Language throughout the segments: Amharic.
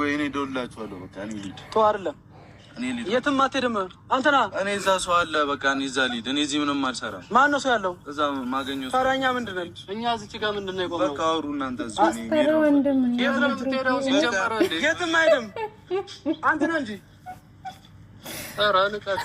ወይ እኔ ደውላችኋለሁ። በቃ እኔ ልሂድ። ተው አይደለም የትም አትሄድም። አንተና እኔ እዛ ሰው አለ። በቃ እኔ እዛ ልሂድ። እኔ እዚህ ምንም አልሰራም። ማን ነው ሰው ያለው? እዛ ማገኘው ታዲያ እኛ ምንድን ነን? እኛ እዚህ ጋር ምንድን ነው የቆመው? በቃ አውሩ እናንተ። የትም አይሄድም። አንተና እንጂ ኧረ ንቀት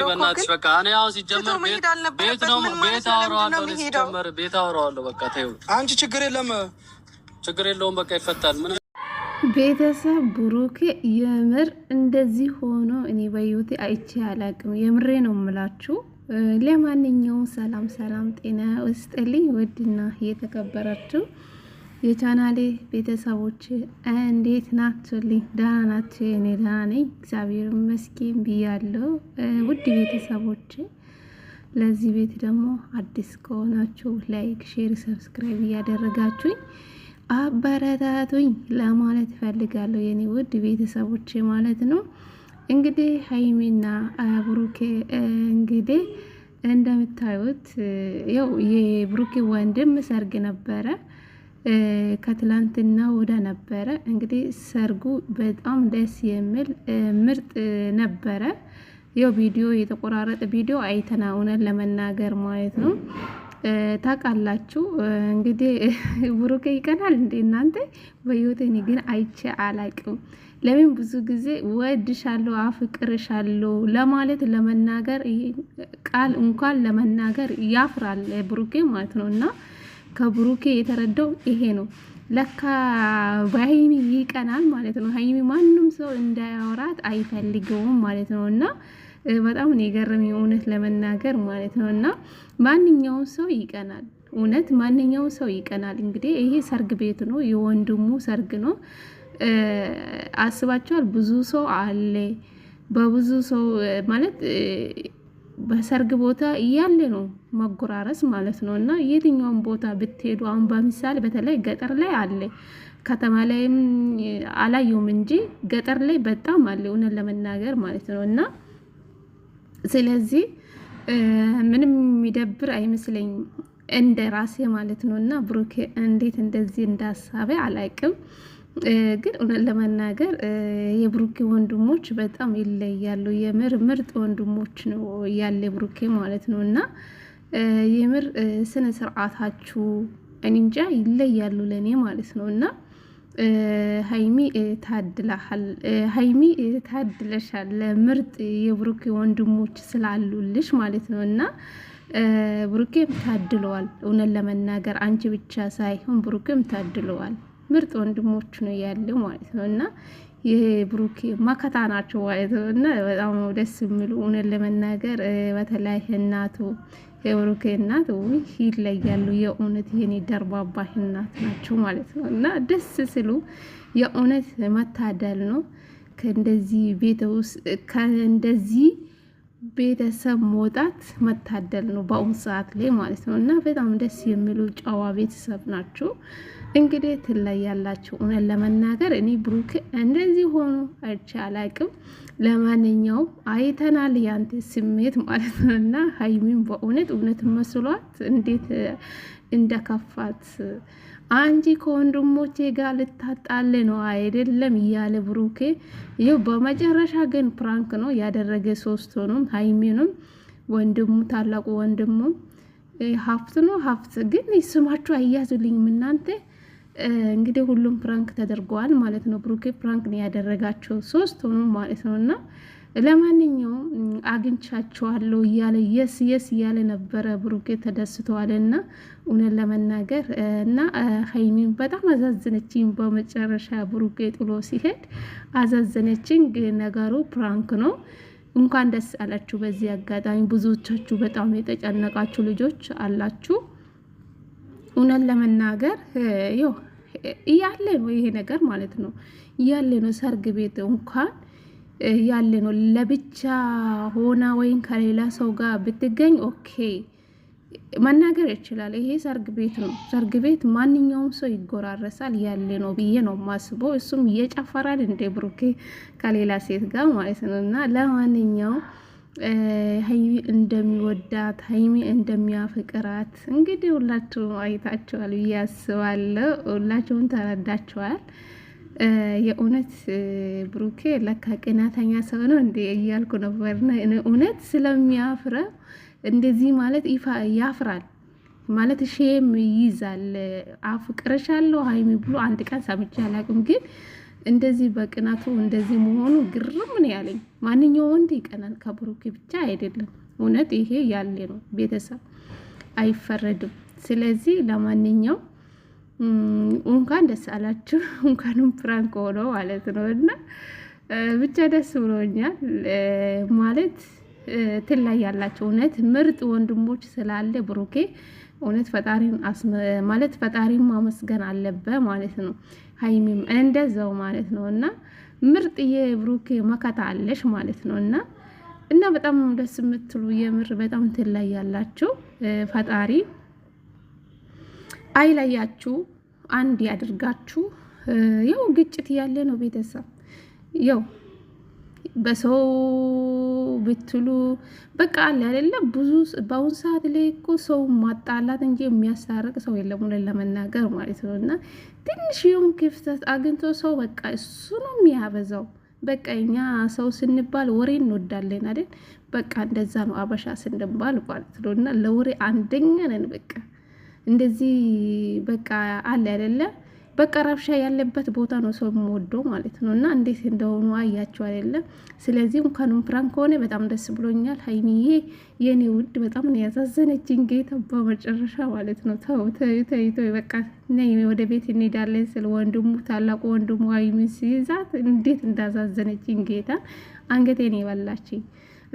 በእናትሽ በቃ እኔ ሲጀመር ቤት ነው ቤት ሲጀመር ቤት በቃ ተይው አንቺ ችግር የለም ችግር የለውም። በቃ ይፈታል። ቤተሰብ ብሩክ የምር እንደዚህ ሆኖ እኔ በህይወቴ አይቼ አላቅም። የምሬ ነው የምላችሁ። ለማንኛውም ሰላም ሰላም፣ ጤና ውስጥልኝ ውድና እየተከበራችሁ የቻናሌ ቤተሰቦች እንዴት ናችሁልኝ? ደህና ናቸው። እኔ ደህና ነኝ እግዚአብሔር ይመስገን ብያለሁ። ውድ ቤተሰቦች ለዚህ ቤት ደግሞ አዲስ ከሆናችሁ ላይክ፣ ሼር፣ ሰብስክራይብ እያደረጋችሁኝ አበረታቱኝ ለማለት እፈልጋለሁ። የኔ ውድ ቤተሰቦች ማለት ነው እንግዲህ ሀይሚና ብሩኬ እንግዲህ እንደምታዩት ያው የብሩኬ ወንድም ሰርግ ነበረ ከትላንትና ወዳ ነበረ። እንግዲህ ሰርጉ በጣም ደስ የሚል ምርጥ ነበረ። ያው ቪዲዮ የተቆራረጠ ቪዲዮ አይተና እውነት ለመናገር ማለት ነው ታውቃላችሁ እንግዲህ ብሩኬ ይቀናል እንዴ እናንተ? በህይወቴ እኔ ግን አይቼ አላቅም። ለምን ብዙ ጊዜ ወድሻለሁ፣ አፍቅርሻለሁ ለማለት ለመናገር ቃል እንኳን ለመናገር ያፍራል ብሩኬ ማለት ነው እና ከብሩኬ የተረዳው ይሄ ነው። ለካ በሀይሚ ይቀናል ማለት ነው። ሀይሚ ማንም ሰው እንዳያወራት አይፈልገውም ማለት ነው እና በጣም ነው የገረመኝ እውነት ለመናገር ማለት ነው እና ማንኛውም ሰው ይቀናል እውነት ማንኛውም ሰው ይቀናል። እንግዲህ ይሄ ሰርግ ቤት ነው፣ የወንድሙ ሰርግ ነው። አስባችኋል? ብዙ ሰው አለ በብዙ ሰው ማለት በሰርግ ቦታ እያለ ነው መጎራረስ ማለት ነው። እና የትኛውን ቦታ ብትሄዱ አሁን በምሳሌ በተለይ ገጠር ላይ አለ፣ ከተማ ላይም አላየውም እንጂ ገጠር ላይ በጣም አለ እውነት ለመናገር ማለት ነው። እና ስለዚህ ምንም የሚደብር አይመስለኝም እንደ ራሴ ማለት ነው። እና ብሩክ እንዴት እንደዚህ እንዳሳበ አላቅም። ግን እውነት ለመናገር የብሩኬ ወንድሞች በጣም ይለያሉ። የምር ምርጥ ወንድሞች ነው ያለ ብሩኬ ማለት ነው እና የምር ስነ ስርዓታችሁ እኔ እንጃ ይለያሉ ለእኔ ማለት ነው እና ሀይሚ ታድላሃል፣ ሀይሚ ታድለሻል። ለምርጥ የብሩኬ ወንድሞች ስላሉልሽ ማለት ነው እና ብሩኬም ታድለዋል። እውነት ለመናገር አንቺ ብቻ ሳይሆን ብሩኬም ታድለዋል። ምርጥ ወንድሞቹ ነው ያለው ማለት ነው እና ይሄ ብሩክ መከታ ናቸው ማለት ነው እና በጣም ደስ የሚሉ እውነት ለመናገር በተለይ እናቱ የብሩኬ እናት ይለያሉ። የእውነት ይሄኔ ደርባባ እናት ናቸው ማለት ነው እና ደስ ስሉ የእውነት መታደል ነው ከእንደዚህ ቤተ ውስጥ ከእንደዚህ ቤተሰብ መውጣት መታደል ነው በአሁኑ ሰዓት ላይ ማለት ነው። እና በጣም ደስ የሚሉ ጨዋ ቤተሰብ ናቸው። እንግዲህ ትለያላችሁ። እውነት ለመናገር እኔ ብሩክ እንደዚህ ሆኖ አይቼ አላቅም። ለማንኛውም አይተናል ያንተ ስሜት ማለት ነው እና ሀይሚን በእውነት እውነት መስሏት እንዴት እንደከፋት አንቺ ከወንድሞቼ ጋር ልታጣል ነው አይደለም እያለ ብሩኬ ይኸው በመጨረሻ ግን ፕራንክ ነው ያደረገ። ሶስት ሆኖም ሀይሚኑም ወንድሙ ታላቁ ወንድሙ ሀፍት ነው ሀፍት ግን ስማችሁ አያዙልኝ እናንተ። እንግዲህ ሁሉም ፕራንክ ተደርገዋል ማለት ነው። ብሩኬ ፕራንክ ነው ያደረጋቸው ሶስት ሆኖ ማለት ነው እና ለማንኛውም አግኝቻቸዋለሁ እያለ የስ የስ እያለ ነበረ ብሩኬ ተደስተዋል። እና እውነት ለመናገር እና ሀይሚን በጣም አዛዘነችኝ። በመጨረሻ ብሩኬ ጥሎ ሲሄድ አዛዘነችኝ። ነገሩ ፕራንክ ነው። እንኳን ደስ አላችሁ። በዚህ አጋጣሚ ብዙዎቻችሁ በጣም የተጨነቃችሁ ልጆች አላችሁ። እውነት ለመናገር ያው እያለ ነው ይሄ ነገር ማለት ነው እያለ ነው ሰርግ ቤት እንኳን ያለ ነው። ለብቻ ሆና ወይም ከሌላ ሰው ጋር ብትገኝ ኦኬ መናገር ይችላል። ይሄ ሰርግ ቤት ነው። ሰርግ ቤት ማንኛውም ሰው ይጎራረሳል ያለ ነው ብዬ ነው ማስበው። እሱም እየጨፈራል እንደ ብሩኬ ከሌላ ሴት ጋር ማለት ነው። እና ለማንኛው ሀይሚ እንደሚወዳት ሀይሚ እንደሚያፈቅራት እንግዲህ ሁላችሁም አይታችኋል ብዬ አስባለሁ። ሁላችሁም ተረዳችኋል። የእውነት ብሩኬ ለካ ቅናተኛ ሰው ነው እንዴ እያልኩ ነበር። እውነት ስለሚያፍረው እንደዚህ ማለት ይፋ ያፍራል ማለት ሼም ይይዛል። አፍቅርሻለሁ ሀይሚ ብሎ አንድ ቀን ሰምቼ አላውቅም፣ ግን እንደዚህ በቅናቱ እንደዚህ መሆኑ ግርም ነው ያለኝ። ማንኛው ወንድ ይቀናል፣ ከብሩኬ ብቻ አይደለም። እውነት ይሄ ያለ ነው፣ ቤተሰብ አይፈረድም። ስለዚህ ለማንኛው እንኳን ደስ አላችሁ። እንኳንም ፕራንክ ሆኖ ማለት ነው እና ብቻ ደስ ብሎኛል ማለት እንትን ላይ ያላቸው እውነት ምርጥ ወንድሞች ስላለ ብሩኬ እውነት ፈጣሪን ማለት ፈጣሪን ማመስገን አለበ ማለት ነው። ሀይሚም እንደዛው ማለት ነው እና ምርጥ የብሩኬ መከታ አለሽ ማለት ነው እና እና በጣም ደስ የምትሉ የምር በጣም እንትን ላይ ያላቸው ፈጣሪ አይለያችሁ፣ አንድ ያድርጋችሁ። ያው ግጭት ያለ ነው ቤተሰብ ያው በሰው ብትሉ በቃ አለ አይደለ ብዙ በአሁን ሰዓት ላይ እኮ ሰው ማጣላት እንጂ የሚያሳርቅ ሰው የለም፣ ሁለን ለመናገር ማለት ነው። እና ትንሽም ክፍተት አግኝቶ ሰው በቃ እሱ ነው የሚያበዛው። በቃ እኛ ሰው ስንባል ወሬ እንወዳለን አይደል? በቃ እንደዛ ነው አበሻ ስንባል ማለት ነው። እና ለወሬ አንደኛ ነን በቃ እንደዚህ በቃ አለ አይደለ በቃ ረብሻ ያለበት ቦታ ነው ሰው የምወደው ማለት ነው። እና እንዴት እንደሆኑ አያቸው አይደለም። ስለዚህ እንኳንም ፕራንክ ከሆነ በጣም ደስ ብሎኛል። ሀይሚዬ የኔ ውድ በጣም ነው ያሳዘነችኝ። ጌታ በመጨረሻ ማለት ነው። ተው ተይቶ በቃ ነይ ወደ ቤት እንሄዳለን ስለ ወንድሙ ታላቁ ወንድሙ ሀይሚ ሲይዛት እንዴት እንዳሳዘነችኝ ጌታ አንገቴን የበላችኝ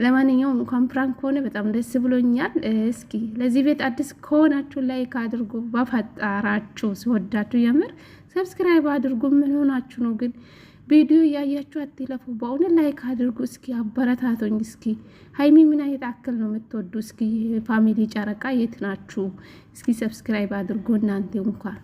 ለማንኛውም እንኳን ፕራንክ ከሆነ በጣም ደስ ብሎኛል። እስኪ ለዚህ ቤት አዲስ ከሆናችሁ ላይክ አድርጉ፣ በፈጣራችሁ ሲወዳችሁ የምር ሰብስክራይብ አድርጉ። ምን ሆናችሁ ነው ግን ቪዲዮ እያያችሁ አትለፉ። በእውነት ላይክ አድርጉ። እስኪ አበረታቶኝ። እስኪ ሀይሚ ምን አይነት አክል ነው የምትወዱ? እስኪ ፋሚሊ ጨረቃ የት ናችሁ? እስኪ ሰብስክራይብ አድርጉ እናንተ እንኳን